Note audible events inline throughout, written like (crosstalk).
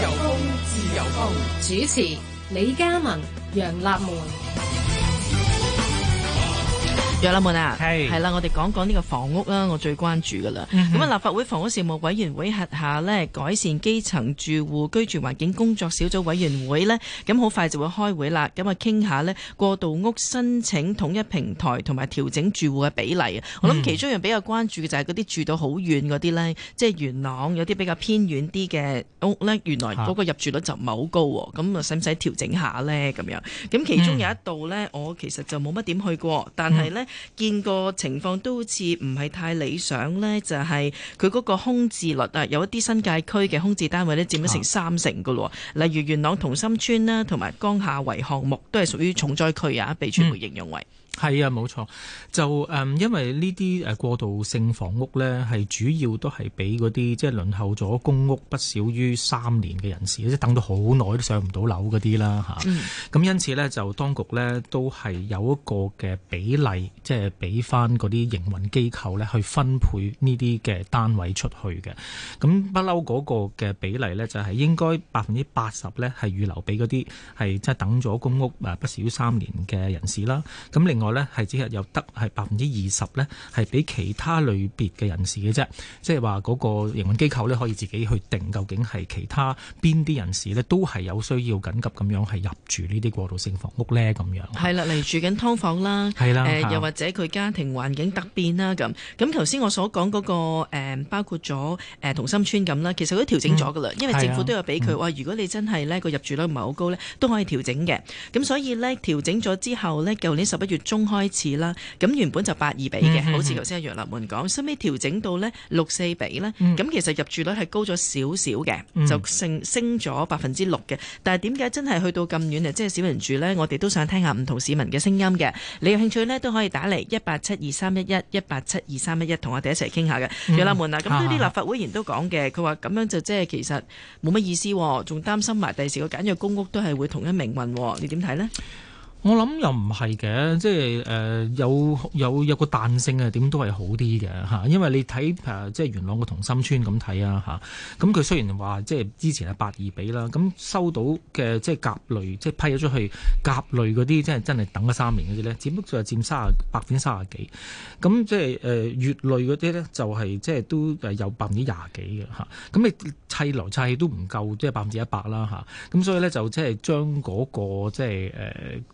自由風，自由風。主持：李家文、楊立梅。有啦們啦，係係啦，我哋講講呢個房屋啦，我最關注噶啦。咁、嗯、啊，立法會房屋事務委員會轄下呢，改善基層住戶居住環境工作小組委員會呢，咁好快就會開會啦。咁啊，傾下呢，過渡屋申請統一平台同埋調整住戶嘅比例。嗯、我諗其中一樣比較關注嘅就係嗰啲住到好遠嗰啲呢，即、就、係、是、元朗有啲比較偏遠啲嘅屋呢。原來嗰個入住率就唔係好高喎。咁啊，使唔使調整下呢？咁樣咁其中有一度呢、嗯，我其實就冇乜點去過，但係呢。嗯見個情況都好似唔係太理想呢，就係佢嗰個空置率啊，有一啲新界區嘅空置單位咧佔咗成三成噶咯，例如元朗同心村啦，同埋江夏圍項目都係屬於重災區啊，被傳媒形容為。係啊，冇錯，就嗯，因為呢啲誒過渡性房屋咧，係主要都係俾嗰啲即係輪候咗公屋不少於三年嘅人士，即係等到好耐都上唔到樓嗰啲啦，吓、嗯。咁因此咧，就當局咧都係有一個嘅比例，即係俾翻嗰啲營運機構咧去分配呢啲嘅單位出去嘅。咁不嬲嗰個嘅比例咧，就係應該百分之八十咧係預留俾嗰啲係即係等咗公屋誒不少於三年嘅人士啦。咁另外另外咧係只係有得係百分之二十咧，係俾其他類別嘅人士嘅啫。即係話嗰個營運機構咧可以自己去定究竟係其他邊啲人士咧都係有需要緊急咁樣係入住呢啲過渡性房屋咧咁樣。係啦，例如住緊㓥房啦，係啦，誒又或者佢家庭環境突變啦咁。咁頭先我所講嗰、嗰個包括咗誒同心村咁啦，其實都調整咗㗎啦，因為政府都有俾佢話，嗯、如果你真係咧個入住率唔係好高咧，都可以調整嘅。咁所以咧調整咗之後咧，舊年十一月中中開始啦，咁原本就八二比嘅，嗯，好似頭先阿楊立門講，嗯，後尾調整到呢六四比呢。咁，嗯，其實入住率係高咗少少嘅，就升升咗百分之六嘅。但係點解真係去到咁遠誒，即係少人住呢？我哋都想聽下唔同市民嘅聲音嘅，你有興趣呢，都可以打嚟一八七二三一一一八七二三一一，同我哋一齊傾下嘅。楊立門啊，咁呢啲立法會員都講嘅，佢話咁樣就即係其實冇乜意思，仲擔心埋第時個簡約公屋都係會同一命運，你點睇呢？我諗又唔係嘅，即係誒、呃、有有有個彈性嘅點都係好啲嘅，因為你睇即係元朗嘅同心村咁睇啊，咁佢雖然話即係之前係八二比啦，咁收到嘅即係甲類即係批咗出去甲類嗰啲即係真係等咗三年嘅啲咧，只不過就佔卅、百分之卅幾，咁即係誒、呃、乙類嗰啲咧就係、是、即係都有百分之廿幾嘅，咁你砌流砌都唔夠即係百分之一百啦，咁所以咧就即係將嗰、那個即係誒、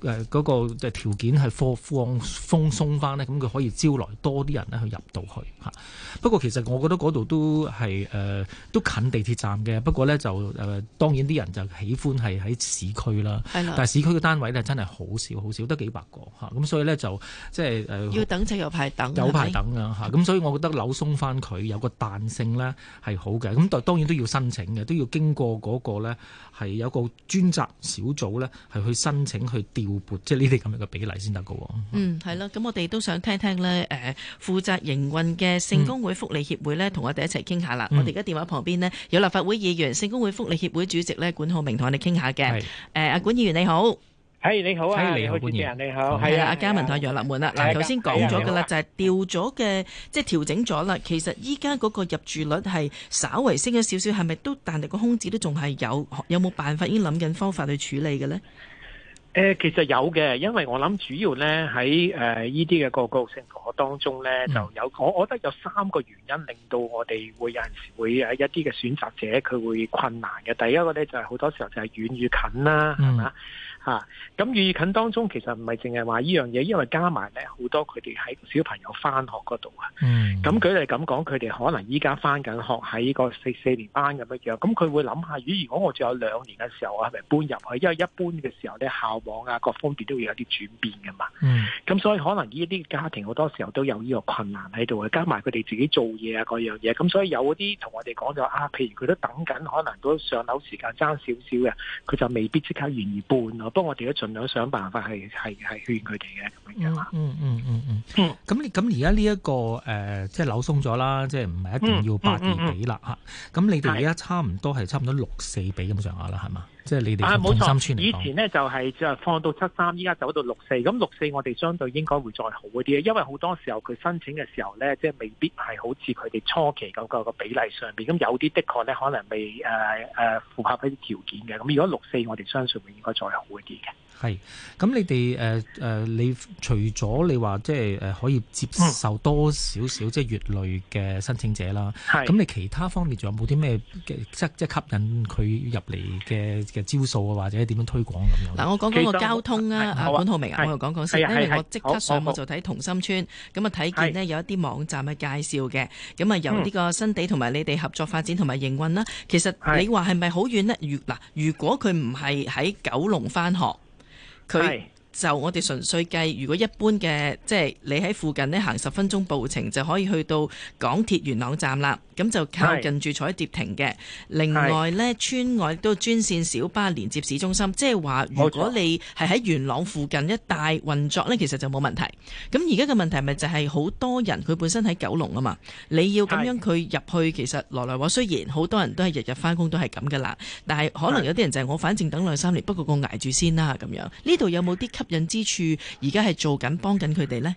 呃嗰個嘅條件係放放鬆翻咧，咁佢可以招來多啲人咧去入到去吓。不過其實我覺得嗰度都係、呃、都近地鐵站嘅，不過咧就誒、呃、當然啲人就喜歡係喺市區啦。係啦。但係市區嘅單位咧真係好少，好少得幾百個吓。咁所以咧就即係、呃、要等就有排等，等，有排等嘅吓。咁所以我覺得扭鬆翻佢有個彈性咧係好嘅。咁但當然都要申請嘅，都要經過嗰個咧。係有個專責小組呢係去申請去調撥，即係呢啲咁樣嘅比例先得嘅。嗯，係啦，咁我哋都想聽聽呢誒、呃、負責營運嘅聖公會福利協會呢，同我哋一齊傾下啦。我哋而家電話旁邊呢，有立法會議員、聖、嗯、公會福利協會主席呢，管浩鳴同我哋傾下嘅。係，阿、呃、管議員你好。誒，你好啊！你好，主持人，你好。係啦，阿嘉文同阿楊立門啦。嗱，頭先講咗噶啦，就係調咗嘅，即係調整咗啦。其實依家嗰個入住率係稍為升咗少少，係咪都但係個空置都仲係有？有冇辦法已經諗緊方法去處理嘅呢？誒、呃，其實有嘅，因為我諗主要呢喺誒呢啲嘅結構性同學當中呢，就有我、嗯、我覺得有三個原因令到我哋會有陣時會誒一啲嘅選擇者佢會困難嘅。第一個呢，就係、是、好多時候就係遠與近啦，係、嗯、嘛？咁、啊、預近當中其實唔係淨係話呢樣嘢，因為加埋咧好多佢哋喺小朋友翻學嗰度啊。咁佢哋咁講，佢哋可能依家翻緊學喺個四四年班咁樣。咁佢會諗下，如果我仲有兩年嘅時候，係咪搬入去？因為一般一搬嘅時候咧，校網啊，各方面都會有啲轉變㗎嘛。咁、嗯、所以可能呢啲家庭好多時候都有呢個困難喺度啊，加埋佢哋自己做嘢啊各樣嘢。咁所以有嗰啲同我哋講咗啊，譬如佢都等緊，可能都上樓時間爭少少嘅，佢就未必即刻願意搬咯。幫我哋都盡量想辦法，係係勸佢哋嘅咁樣啊，嗯嗯嗯嗯，咁、嗯嗯嗯嗯嗯、你咁而家呢一個、呃、即係扭鬆咗啦，即係唔係一定要八二比啦吓，咁、嗯嗯嗯嗯、你哋而家差唔多係差唔多六四比咁上下啦，係嘛？即係你哋、啊，冇錯。以前咧就係就放到七三，依家走到六四。咁六四我哋相對應該會再好一啲，因為好多時候佢申請嘅時候咧，即係未必係好似佢哋初期嗰個比例上面。咁有啲的確咧，可能未誒誒、呃呃、符合一啲條件嘅。咁如果六四，我哋相信會應該再好一啲嘅。係，咁你哋誒誒，你除咗你話即係誒可以接受多少少、嗯、即係月類嘅申請者啦，咁你其他方面仲有冇啲咩即係吸引佢入嚟嘅嘅招數啊，或者點樣推廣咁樣？嗱，我講講個交通啊，阿管浩鳴，我又講講先說說，因為我即刻上網就睇同心村，咁啊睇見呢有一啲網站嘅介紹嘅，咁啊由呢個新地同埋你哋合作發展同埋營運啦、啊嗯，其實你話係咪好遠呢？如嗱，如果佢唔係喺九龍翻學。可以。Hi. 就我哋純粹計，如果一般嘅，即係你喺附近呢行十分鐘步程，就可以去到港鐵元朗站啦。咁就靠近住彩蝶亭嘅。另外呢，村外都專線小巴連接市中心，即係話如果你係喺元朗附近一帶運作呢，其實就冇問題。咁而家嘅問題咪就係好多人佢本身喺九龍啊嘛？你要咁樣佢入去，其實來來往往雖然好多人都係日日翻工都係咁噶啦，但係可能有啲人就係、是、我反正等兩三年，不過我捱住先啦咁樣。呢度有冇啲人之處，而家係做緊幫緊佢哋咧。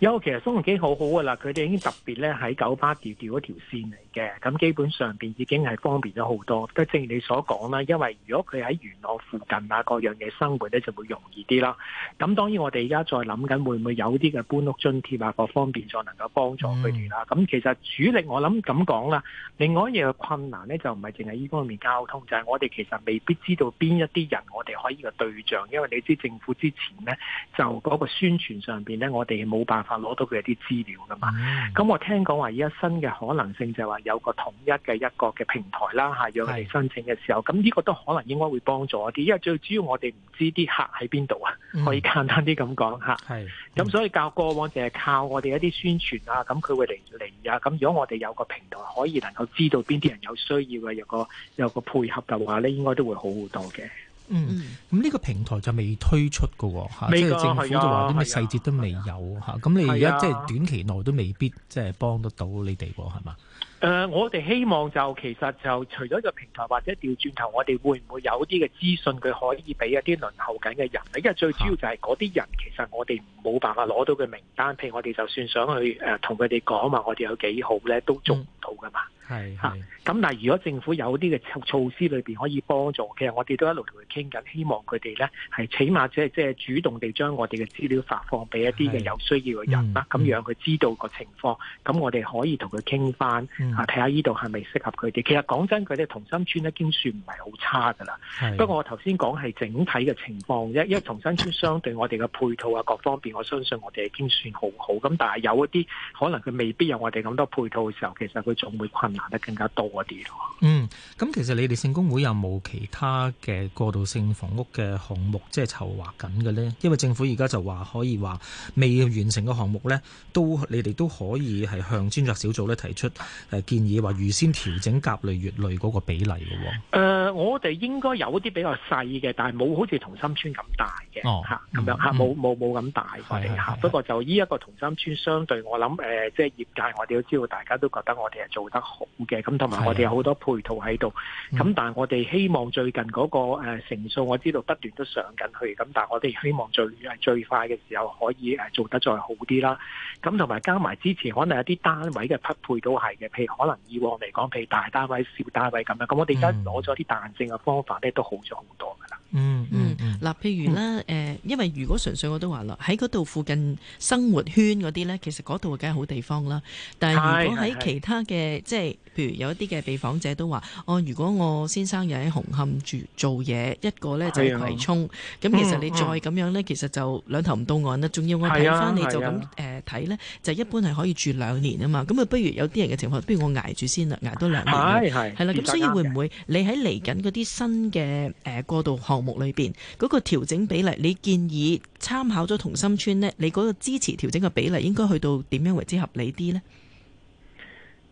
有，其實蘇雲機好好噶啦，佢哋已經特別咧喺九巴調調條線嚟。嘅咁基本上邊已經係方便咗好多，都正如你所講啦。因為如果佢喺元朗附近啊，各樣嘅生活咧就會容易啲啦。咁當然我哋而家再諗緊會唔會有啲嘅搬屋津貼啊，各方面再能夠幫助佢哋啦。咁其實主力我諗咁講啦，另外一樣困難咧就唔係淨係呢方面交通，就係、是、我哋其實未必知道邊一啲人我哋可以嘅對象，因為你知政府之前咧就嗰個宣傳上面咧，我哋冇辦法攞到佢一啲資料噶嘛。咁我聽講話依家新嘅可能性就係、是有個統一嘅一個嘅平台啦嚇，用嚟申請嘅時候，咁呢個都可能應該會幫助一啲，因為最主要我哋唔知啲客喺邊度啊，可以簡單啲咁講嚇。係，咁所以較過往淨係靠我哋一啲宣傳啊，咁佢會嚟嚟啊。咁、嗯、如果我哋有個平台可以能夠知道邊啲人有需要嘅，有個有個配合嘅話呢應該都會好好多嘅。嗯，咁呢個平台就未推出嘅喎，即係政府就話啲咩細節都未有嚇。咁、啊啊、你而家即係短期內都未必即係幫得到你哋喎，係嘛、啊？是誒、uh，我哋希望就其實就除咗呢個平台，或者調轉頭，我哋會唔會有啲嘅資訊，佢可以俾一啲輪候緊嘅人咧？因為最主要就係嗰啲人，其實我哋冇辦法攞到嘅名單。譬如我哋就算想去誒同佢哋講嘛，我哋有幾好咧，都仲。到噶嘛？係嚇咁，但係如果政府有啲嘅措施裏邊可以幫助，其實我哋都一路同佢傾緊，希望佢哋咧係起碼即係即係主動地將我哋嘅資料發放俾一啲嘅有需要嘅人啦，咁讓佢知道個情況，咁、嗯、我哋可以同佢傾翻嚇，睇下呢度係咪適合佢哋。其實講真的，佢哋同心村已經算唔係好差噶啦。不過我頭先講係整體嘅情況啫，因為同心村相對我哋嘅配套啊，各方面，我相信我哋已經算好好。咁但係有一啲可能佢未必有我哋咁多配套嘅時候，其實佢。總會困難得更加多啲咯。嗯，咁其實你哋聖公會有冇其他嘅過渡性房屋嘅項目，即係籌劃緊嘅呢？因為政府而家就話可以話未完成嘅項目呢，都你哋都可以係向專責小組呢提出誒建議，話預先調整甲類乙類嗰個比例嘅喎。誒，我哋應該有啲比較細嘅，但係冇好似同心村咁大嘅嚇，咁樣嚇冇冇冇咁大。不過就呢一個同心村，相對我諗誒，即係業界我哋都知道，大家都覺得我哋。做得好嘅，咁同埋我哋有好多配套喺度，咁但係我哋希望最近嗰個誒成數，我知道不斷都上緊去，咁、嗯、但係我哋希望最係最快嘅時候可以誒做得再好啲啦。咁同埋加埋之前可能有啲單位嘅匹配都係嘅，譬如可能以往嚟講，譬如大單位、小單位咁樣，咁我哋而家攞咗啲彈性嘅方法咧，都好咗好多噶啦。嗯嗯，嗱、嗯，譬、嗯、如咧，誒、嗯、因為如果純粹我都話啦，喺嗰度附近生活圈嗰啲咧，其實嗰度梗係好地方啦。但係如果喺其他嘅嘅即係，譬如有一啲嘅被訪者都話，我、哦、如果我先生又喺紅磡住，住做嘢，一個咧就係葵涌，咁、啊、其實你再咁樣咧、嗯，其實就兩頭唔到岸啦。仲要我睇翻你就咁睇咧，就係、一般係可以住兩年啊嘛。咁啊，不如有啲人嘅情況，不如我捱住先啦，捱多兩年。係啦、啊，咁、啊啊、所以會唔會你喺嚟緊嗰啲新嘅誒、呃、過渡項目裏面嗰、嗰個調整比例，你建議參考咗同心村咧，你嗰個支持調整嘅比例應該去到點樣為之合理啲呢？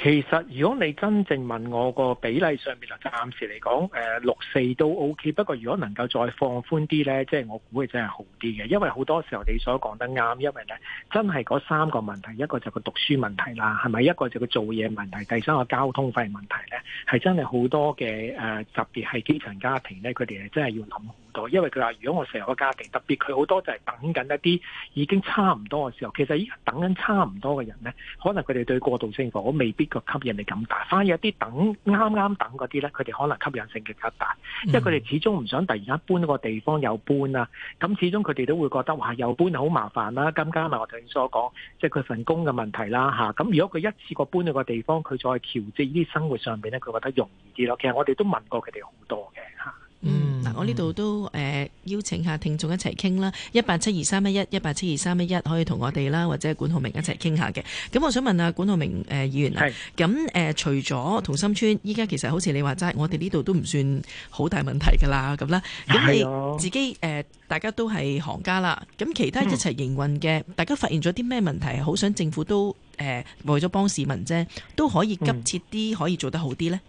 其實，如果你真正問我個比例上面，就暫時嚟講，誒、呃、六四都 OK。不過，如果能夠再放寬啲呢，即、就、係、是、我估計真係好啲嘅，因為好多時候你所講得啱，因為呢，真係嗰三個問題，一個就個讀書問題啦，係咪？一個就個做嘢問題，第三個交通費問題呢，係真係好多嘅誒、呃，特別係基層家庭呢，佢哋係真係要諗。因為佢話如果我成個家庭，特別佢好多就係等緊一啲已經差唔多嘅時候，其實依家等緊差唔多嘅人咧，可能佢哋對過渡性房未必個吸引力咁大。反而有啲等啱啱等嗰啲咧，佢哋可能吸引性比較大，因為佢哋始終唔想突然間搬個地方又搬啦。咁始終佢哋都會覺得話又搬好麻煩啦。咁加埋我頭先所講，即係佢份工嘅問題啦吓。咁、啊、如果佢一次過搬到個地方，佢再調節呢啲生活上邊咧，佢覺得容易啲咯。其實我哋都問過佢哋好多嘅吓。啊嗯我呢度都誒邀請下聽眾一齊傾啦，一八七二三一一，一八七二三一一，可以同我哋啦或者管浩鳴一齊傾下嘅。咁我想問下、啊、管浩鳴誒、呃、議員啊，咁、呃、除咗同心村，依家其實好似你話齋，我哋呢度都唔算好大問題㗎啦，咁啦，咁你自己、呃、大家都係行家啦，咁其他一齊營運嘅、嗯，大家發現咗啲咩問題？好想政府都誒、呃、為咗幫市民啫，都可以急切啲、嗯、可以做得好啲呢。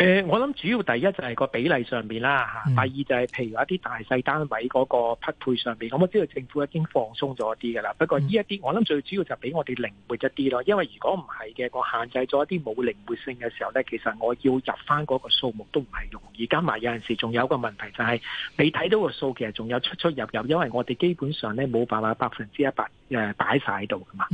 誒、呃，我諗主要第一就係個比例上面啦吓，第二就係譬如一啲大細單位嗰個匹配上面，咁我知道政府已經放鬆咗啲㗎啦。不過呢一啲我諗最主要就俾我哋靈活一啲咯，因為如果唔係嘅個限制咗一啲冇靈活性嘅時候咧，其實我要入翻嗰個數目都唔係容易。加埋有陣時仲有一個問題就係你睇到個數其實仲有出出入入，因為我哋基本上咧冇辦法百分之一百誒擺晒喺度㗎嘛。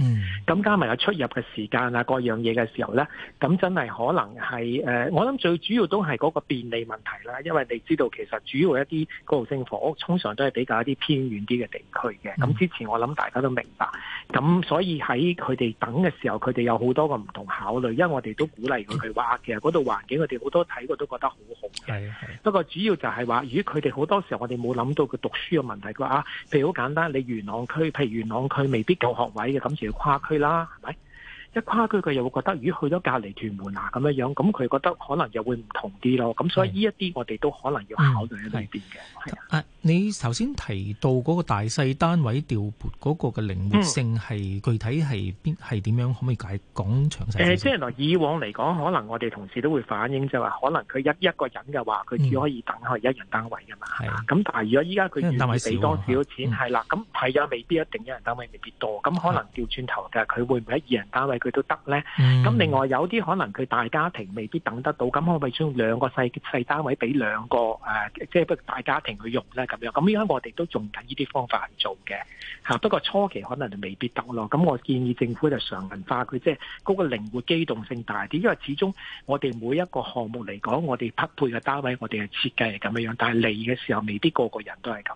咁加埋有出入嘅時間啊，各樣嘢嘅時候咧，咁真係可能係誒、呃，我諗最主要都係嗰個便利問題啦，因為你知道其實主要一啲過渡性房屋通常都係比較一啲偏遠啲嘅地區嘅。咁之前我諗大家都明白，咁所以喺佢哋等嘅時候，佢哋有好多個唔同考慮。因為我哋都鼓勵佢去挖嘅，嗰度環境我哋好多睇過都覺得好好嘅。係係。不過主要就係話，如果佢哋好多時候我哋冇諗到佢讀書嘅問題嘅話，譬如好簡單，你元朗區，譬如元朗區未必夠學位嘅，咁就要跨區啦，係咪？一跨區佢又會覺得，如果去咗隔離屯門啊咁樣樣，咁佢覺得可能又會唔同啲咯。咁所以呢一啲我哋都可能要考慮喺呢邊嘅。係、嗯、啊，你頭先提到嗰個大細單位調撥嗰個嘅靈活性係、嗯、具體係邊係點樣，可唔可以解講詳細即係原來以往嚟講，可能我哋同事都會反映就係可能佢一一個人嘅話，佢只可以等係一人單位㗎嘛。係、嗯、咁但係如果依家佢願意俾多少錢，係、啊嗯、啦，咁係啊，未必一定一人單位未必多，咁可能掉轉頭嘅佢會唔會喺二人單位？佢都得咧，咁另外有啲可能佢大家庭未必等得到，咁可唔可以將兩個細細單位俾兩個誒，即係不如大家庭去用咧咁樣，咁應該我哋都用緊呢啲方法去做嘅，不、嗯、過初期可能就未必得咯。咁我建議政府就常文化佢，即係嗰個靈活機動性大啲，因為始終我哋每一個項目嚟講，我哋匹配嘅單位，我哋係設計係咁樣。但係嚟嘅時候未必個個人都係咁。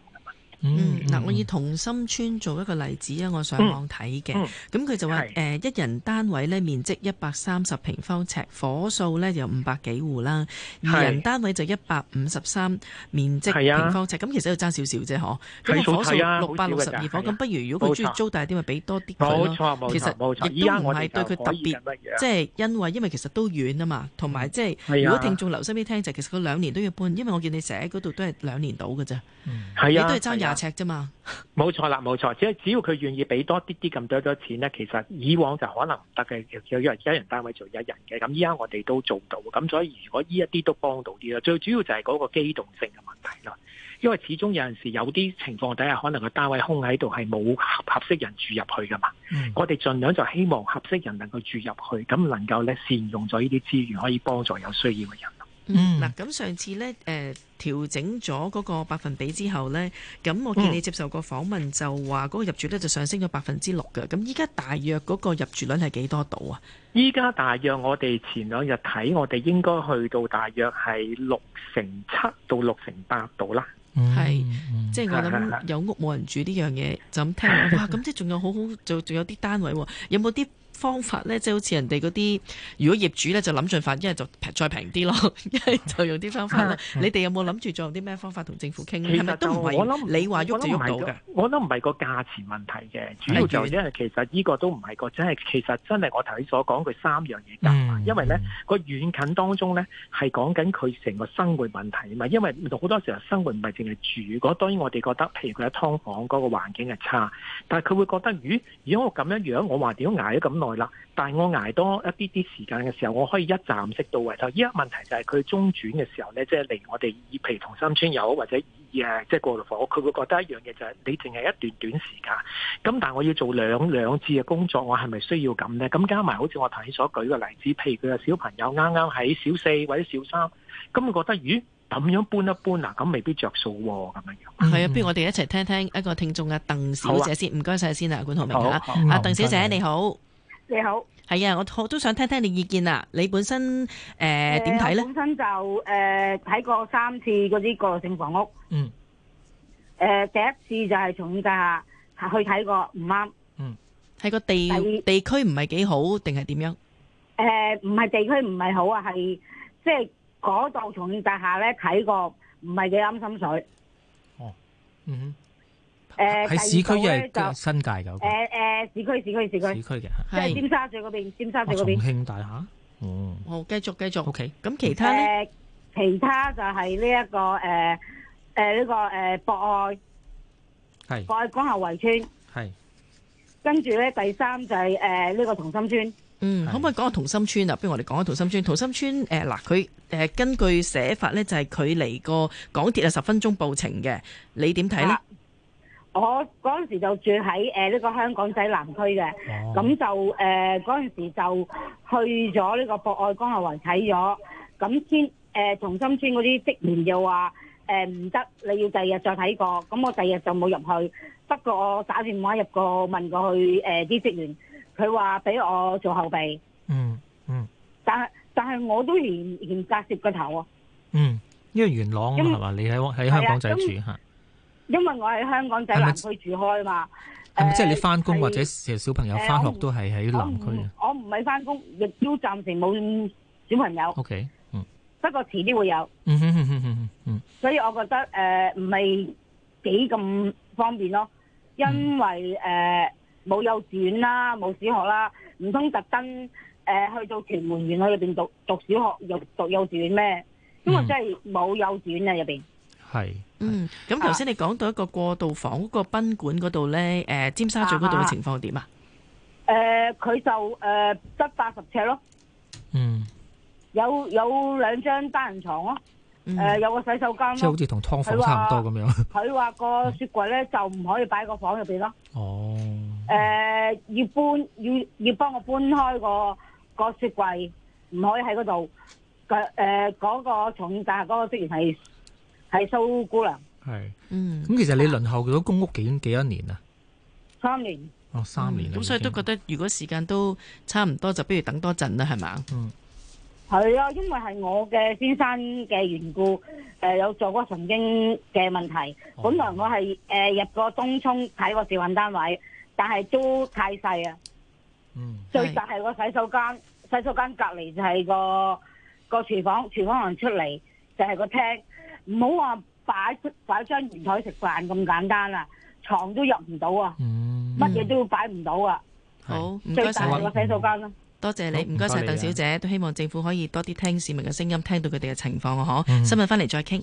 嗯嗱、嗯嗯，我以同心村做一個例子啊，我上網睇嘅，咁、嗯、佢就話誒、呃、一人單位咧面積一百三十平方尺，火數咧有五百幾戶啦，二人單位就一百五十三面積平方尺，咁、啊、其實要爭少少啫嗬。咁個伙數六百六十二伙，咁、啊啊、不如如果佢中意租，租大，大啲咪俾多啲佢咯？其實亦都唔係對佢特別，即係、就是、因為因為其實都遠啊嘛，同埋即係如果聽眾留心啲聽就是，其實佢兩年都要搬，因為我見你成日喺嗰度都係兩年到嘅啫，你都係爭尺啫嘛，冇錯啦，冇錯，只係只要佢願意俾多啲啲咁多多錢咧，其實以往就可能唔得嘅，又只係一人單位做一人嘅，咁依家我哋都做到，咁所以如果呢一啲都幫到啲咧，最主要就係嗰個機動性嘅問題啦，因為始終有陣時有啲情況底下，可能個單位空喺度係冇合合適人住入去噶嘛，我哋盡量就希望合適人能夠住入去，咁能夠咧善用咗呢啲資源，可以幫助有需要嘅人。嗯，嗱、嗯，咁上次咧，誒、呃，調整咗嗰個百分比之後咧，咁我見你接受過訪問就話嗰個入住率就上升咗百分之六嘅，咁依家大約嗰個入住率係幾多度啊？依家大約我哋前兩日睇，我哋應該去到大約係六成七到六成八度啦。係、嗯，即、嗯、係、即係、我諗有屋冇人住呢 (laughs) 樣嘢，就咁聽，哇，咁即係仲有好好， (laughs) 就仲有啲單位，有冇啲？方法咧，即係好似人哋嗰啲，如果業主咧就諗盡法，一係就平再平啲咯，一係就用啲方法咯。 (laughs) 你哋有冇諗住再用啲咩方法同政府傾咧？其實我諗你話喐唔喐到嘅，我諗唔係個價錢問題嘅，主要就因為其實呢個都唔係個，真、就、係、是、其實真係我頭先所講佢三樣嘢夾、嗯、因為咧個遠近當中咧係講緊佢成個生活問題啊嘛。因為好多時候生活唔係淨係住，果當然我哋覺得，譬如佢喺劏房嗰、那個環境係差，但係佢會覺得、呃、如果我咁樣，如果我話點樣捱咗咁耐？但係我捱多一啲啲時間嘅時候，我可以一站式到位。就依家問題就係佢中轉嘅時候呢，即係嚟我哋譬如同心村又好，或者二誒，即、就、係、是、過渡房，佢會覺得一樣嘢就係、是、你淨係一段短時間，咁但係我要做兩兩次嘅工作，我係咪需要咁呢？咁加埋好似我頭先所舉嘅例子，譬如佢嘅小朋友啱啱喺小四或者小三，咁佢覺得咦，咁樣搬一搬樣啊，咁未必着數咁樣樣。係、嗯、啊，不如我哋一齊聽聽一個聽眾啊，鄧小姐先，唔該晒先啊，先管浩鳴啊，鄧小姐你好。嗯，你好。你好，係啊，我都想聽聽你的意見啊。你本身誒點睇咧？呃呃、本身就誒睇，呃、過三次嗰啲過渡性房屋。嗯。誒、呃，第一次就係崇利大廈，去睇過唔啱。嗯。係個地地區唔係幾好，定係點樣？誒、呃，唔係地區唔係好啊，係即係嗰度崇利大廈咧睇過，唔係幾啱心水。哦。嗯哼。誒，喺市區因為新界嘅，誒誒，市區市區市區，市區嘅係尖沙咀嗰邊，尖沙咀邊。哦，重慶大廈，哦，好繼續繼續，OK。咁其他咧？誒，其他就係呢一個誒誒呢個誒博愛，係博愛江夏圍村，係。跟住咧，第三就係誒呢個同心村。嗯，可唔可以講下同心村啊？不如我哋講下同心村。同心村誒嗱，佢誒根據寫法咧，就係佢離個港鐵啊十分鐘步程嘅，你點睇咧？我嗰陣時就住喺誒呢個香港仔南區嘅，咁就誒嗰陣時就去咗呢個博愛江夏圍睇咗，咁先誒同心村嗰啲職員就話誒唔得，你要第二日再睇過，咁我第二日就冇入去。不過我打電話入過問過去誒啲職員，佢話俾我做後備。嗯嗯，但係但係我都嚴嚴格接個頭啊。嗯，因為元朗係嘛，你喺喺香港仔住吓。因為我喺香港仔南區住開啊嘛，係咪，即係你翻工或者小朋友翻學都係喺南區？我唔係翻工，亦都暫時冇小朋友。O、okay, K，嗯，不過遲啲會有。嗯哼哼哼哼哼哼。所以我覺得誒唔係幾咁方便咯，因為誒冇、嗯呃、幼稚園啦，冇小學啦，唔通特登誒去到屯門園去入邊讀讀,讀小學，入讀幼稚園咩？因為真係冇幼稚園啊入邊。係、嗯。嗯，咁頭先你講到一個過渡房，嗰、啊那個賓館嗰度咧，誒，尖沙咀嗰度嘅情況點啊？誒、啊，佢、啊啊啊啊、就誒得八十尺咯。嗯。有有兩張單人床咯。誒、嗯啊，有個洗手間咯。即係好似同劏房差唔多咁樣。佢 (laughs) 話個雪櫃咧就唔可以擺個房入邊咯。哦、嗯。誒、uh, 啊，要搬要要幫我搬開、那個、那個雪櫃，唔可以喺嗰度。佢誒嗰個重慶、那個、大廈嗰個職員係。係蘇姑娘，係嗯咁、嗯，其實你輪候咗公屋幾幾多年啊？三年哦，三年咁，嗯、所以都覺得如果時間都差唔多，就不如等多陣啦，係咪？嗯，係啊，因為係我嘅先生嘅緣故，誒、呃、有做過神經嘅問題、哦，本來我係誒、呃、入過東涌睇過示範單位，但係都太細啊，嗯，最大係個洗手間，洗手間隔離就係、那個、那個廚房，廚房行出嚟就係個廳。唔好話擺擺張圓台食飯咁簡單啦，床都入唔到啊，乜、嗯、嘢都擺唔到啊。好，唔該晒，個洗手間啦。多謝你，唔該晒，鄧小姐、啊。都希望政府可以多啲聽市民嘅聲音，聽到佢哋嘅情況啊，嗬、嗯。新聞翻嚟再傾。